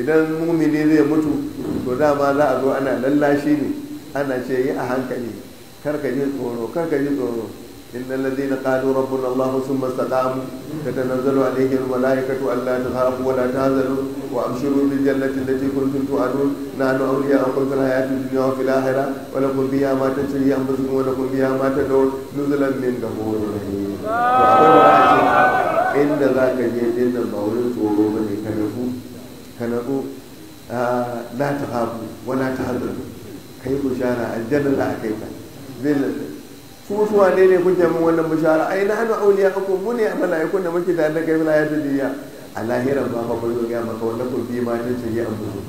idan mumini zai mutu to dama za a zo ana lallashi ne ana ce yi a hankali karka ji tsoro karka ji tsoro inna alladhi na qalu rabbuna allah thumma istaqamu tatanazzalu alayhim malaikatu alla tahabu wa la tahzanu wa abshiru bil jannati allati kuntum tu'adun nahnu awliya'ukum fil hayati dunya wa fil akhirah wa lakum biha ma tashri anfusukum wa lakum biha ma tad'un nuzulan min ghafurir rahim inna zaka jidin da bawrin tsoro bane kana ka la ta hafu wala ta hazaru kai bushara aljanna da a yi ta ku suwa ne ne kuke min wannan bushara ai na hannu auliya ku mu ne a mala'ikun da muke tare da kai ya ta jiya. a lahiran ba ba kwallo ya maka wani ku biya matan ta ce ya amsu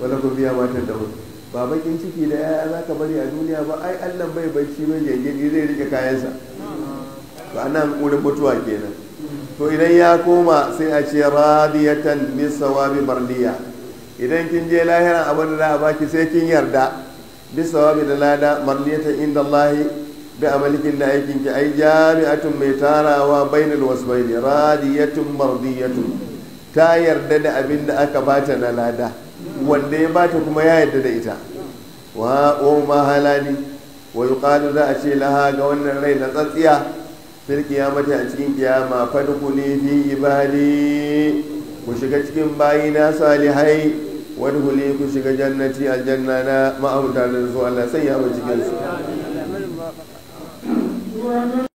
wala ku biya matan ta dawo ba bakin ciki da yaya za ka bari a duniya ba ai Allah bai bacci mai gengedi zai rike kayansa to anan wurin mutuwa kenan to idan ya koma sai a ce radiyatan bi sawabi mardiya idan kin je lahiran abin da za a baki sai kin yarda bi sawabi da lada mardiyatan inda Allah bi amalikin da aikin ki ai jami'atun mai tarawa bainal wasbaini radiyatun mardiyatun ta yarda da abin da aka bata na lada wanda ya bata kuma ya yarda da ita wa o mahalani wa yuqalu za a ce laha ga wannan rai na tsatsiya fil qiyamati a cikin kiyama fadkhuli fi ibadi ku shiga cikin bayina salihai wadkhuli ku shiga jannati aljanna na ma'amuta da Allah sai ya mu cikin